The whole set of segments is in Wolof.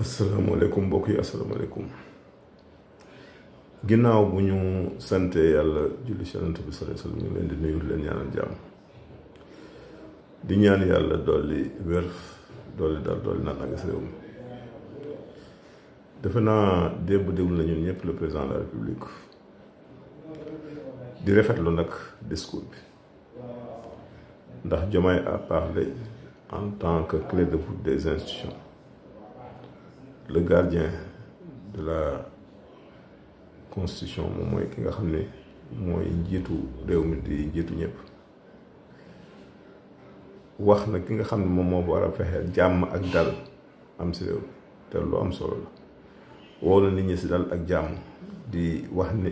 asalaamaaleykum mbokk yi asalaamaaleykum ginnaaw bu ñu sante yàlla julli ci Yonent bi sallallahu alayhi wasallam ñu leen di nuyu leen ñaanal jàmm di ñaan yàlla dolli wér dolli dal dolli naan ak réew mi defe démb déglu na ñun ñëpp le président de la république di rafetlu nag discours bi ndax Diomaye a parlé en tant que clé de voûte des institutions le gardien de la constitution moment ki nga xamné moy la di ñep wax na nga xamné mom mo wara a ak dal am ci rew té lu am solo la nit ñi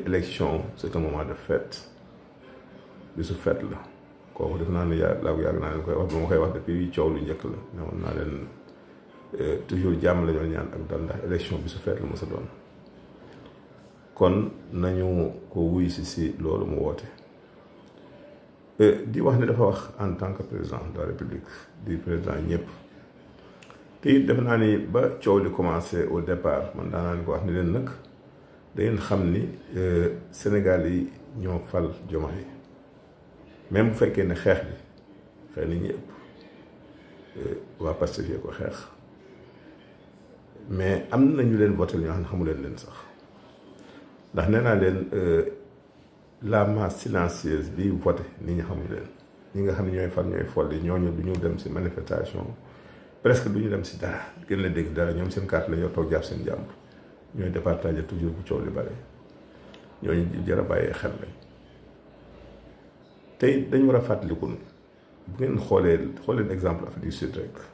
élection c'est un moment de fête bisu fête la kooku def naa ne la yàgg naa leen koy wax koy wax depuis lu la toujours jàmm la ñoo ñaan ak dal ndax élection bi su feet la ma sa doon kon nañu ko wuy si si loolu mu woote euh, di wax ne dafa wax en tant que président de la république di président ñëpp te it def naa ni ba coow li commencé au départ man daan naa ni ko wax ni leen nag da xam ni euh, Sénégal yi ñoo fal Diomaye même bu fekkee ne xeex bi xëy na ñi ëpp euh, waa Pastef ko xeex mais am na ñu leen voté ñoo xam ne xamu leen leen sax ndax nee naa leen euh, la masse silencieuse bi voté nit ñi xamu leen ñi nga xam ne ñooy far ñooy folli ñooñu du ñu dem si manifestation presque du ñu dem si dara gën la dégg dara ñoom seen carte la ñoo toog jàpp seen jàmbur ñooy départage toujours bu coow li bare ñoo jar a bàyyee xel lañ tey dañu war a fàttaliku bu ngeen xoolee xooleen exemple Afrique du Sud rek.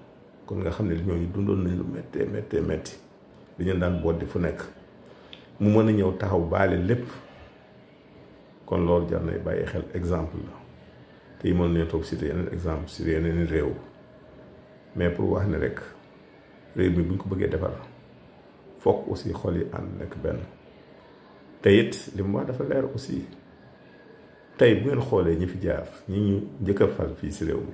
kon nga xam ne ñooñu dundoon nañ lu méttee méttee métti dañu daan boddi fu nekk mu mën a ñëw taxaw baale lépp kon loolu jar na bàyyi xel exemple la te yi mën nañu toog cité yeneen exemple si yeneen réew mais pour wax ne rek réew mi bu ñu ko bëggee defar fokk aussi xool yi ànd nekk benn te it li mu wax dafa leer aussi tey bu ngeen xoolee ñi fi jaar ñi ñu njëkk a fal fii si réew mi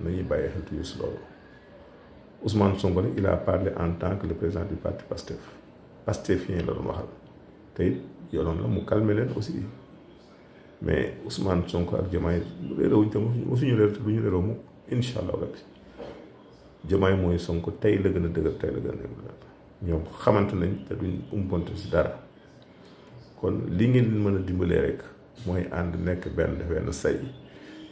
nañuy bàyyi xel toujours si loolu Ousmane Sonko nag il a parlé en tant que le président du parti Pastef pastefien la doon waxal te it yooloon la mu calmer aussi mais Ousmane Sonko ak Diomaye réeroowuñ te mosuñu réer te duñu réeroo mu incha allah rabbi Diomaye mooy sonk tey la gën a dëgër tey la gën a dëgër ñoom xamante nañ te duñ umpante si dara kon li ngeen mën a dimbalee rek mooy ànd nekk benn benn say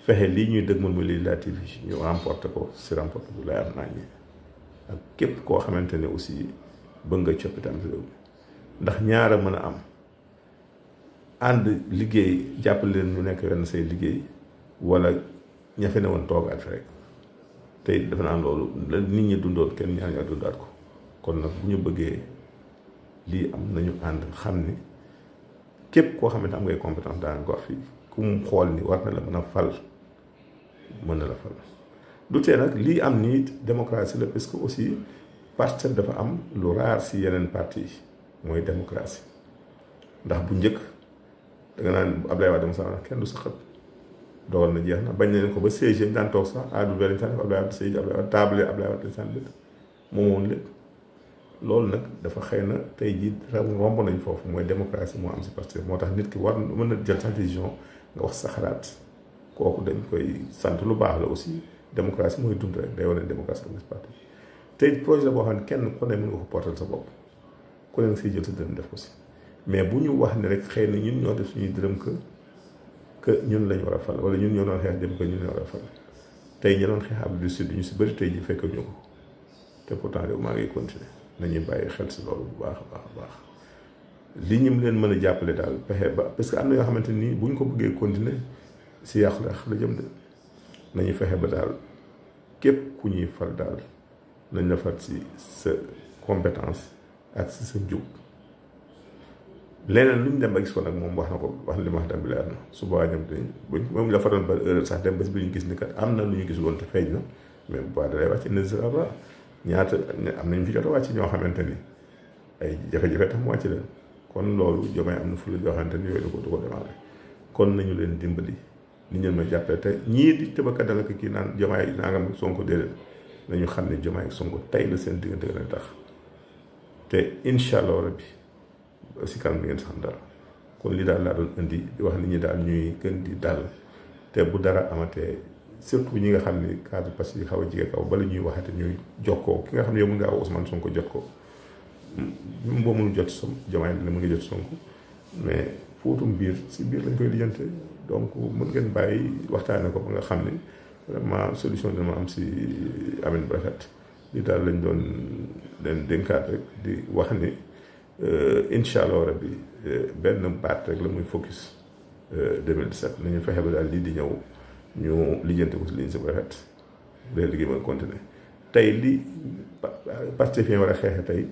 fexe lii ñuy dëgmal mu législative yi ñu remporte ko si remporte bu lay am naññi képp koo xamante ne aussi bëgg nga coppitam réew ñaara mën a am ànd liggéey jàppale leen ñu nekk wenn say liggéey wala ñafe ne woon toogaat fi rek tey dafa naa loolu nit ñi dundoon kenn ñaar ñaar dundaat ko kon nag ñu bëggee lii am nañu ànd xam ni képp koo xamante am ngay compétence daan gox fii ku mu xool ni war na la mën a fal mën na la fal du tee nag lii am nii démocratie la parce que aussi Pastef dafa am lu rare si yeneen parti yi mooy démocratie ndax bu njëkk da nga naan Ablaye Wade Moussa wax kenn du sa xëpp dogal na jeex na bañ nañ ko ba siège yi daan toog sax aadu weer yi daan Ablaye Wade siège Ablaye Wade table Ablaye Wade daan lépp moom woon lépp loolu nag dafa xëy na tey jii romb nañ foofu mooy démocratie moo am si Pastef moo tax nit ki war mën na jël sa décision nga wax sa xalaat. kooku dañ koy sant lu baax la aussi démocratie mooy dund rek day wane démocratie Communiste Party tey projet la boo xam ne kenn ku ne mën nga sa bopp ku ne nga siy jël def ko si mais bu ñu wax ne xëy na ñun ñoo suñuy dërëm que ñun lañ war a fal wala ñun ñoo doon xeex dem que ñun lañ war a fal tey ñi doon ñu si bëri tey ji fekk ñu ko te pourtant réew maa ngi continuer nañuy bàyyi xel si loolu bu baax a baax a baax li ñu leen a jàppale daal pexe ba parce que am na yoo xamante ni bu ñu ko bëggee continuer سياخ لاخ لا جام دي ناني فخه با دال كيب كو ني فال دال ناني فات سي س كومبيتانس اك سي سن جوك لينن لوم دم باكس فون اك موم واخنا كو واخ لي ما دام لير سو با جام دي بون موم لا فاتون با اور سا دم بس بي ني غيس ني كات امنا لو ني غيس وون تا فاج نا مي با دا لاي واتي نزرا با نياتا امنا ني فيتا واتي ньо خامتاني اي جافا جافا تام واتي لا كون لولو جومي امنا فلو جو خامتاني يوي دوكو دوكو دمال كون نانيو لين ديمبالي ni ñeen may jàppee te ñii di tëb a kaddalaka kii naan jomaay nangam ak Sonko déedéet nañu xam ne jomaay ak Sonko tey la seen diggante gën a tax te incha allah rabbi si kanam bi ngeen sax dara kon li daal laa doon indi wax nit ñi daal ñuy gën di dal te bu dara amatee surtout ñi nga xam ne cadre parce que xaw a jige kaw bala ñuy te ñuy jokkoo ki nga xam ne yow mun nga aw Ousmane Sonko jot ko boo jot som jomaay dina mu ngi jot Sonko mais fóotum biir si biir lañ koy lijjante donc mën ngeen bàyyi waxtaane ko ba nga xam ne vraiment solution dina ma am si amin bu rafet li daal lañ doon leen dénkaat rek di wax ni euh, incha allah rabbi euh, benn baat rek la muy focus 2017 euh, nañu fexe ba daal lii di ñëw ñu lijjante ko si liñ si bu rafet bu dee tey li Pastef yi war a xeexe tey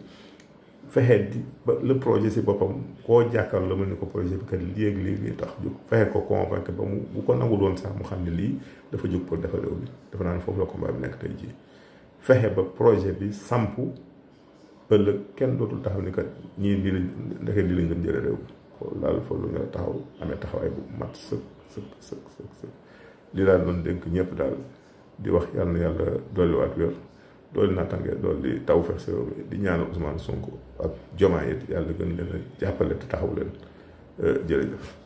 fexe ba le projet si boppam koo jàkkal la mu ne ko projet bi kat lii ak lii tax jóg fexe ko convaincre ba mu bu ko nangu doon sax mu xam ne lii dafa jóg pour dafa réew bi dafa naan foofu la combat bi nekk tey jii fexe ba projet bi samp ëllëg kenn dootul taxaw ni kat ñii lii la ndeke lii la ngën jële réew bi loolu daal foofu la ñu la taxaw amee taxawaay bu mat sëkk sëkk sëkk sëkk sëkk lii daal doon dénk ñëpp daal di wax yàlla na yàlla waat wér doolu naataange loolu di taw fex si réew mi di ñaanal Ousmane Sonko ak Diomaye it yàlla gën leen a jàppale te taxaw leen euh, jërëjëf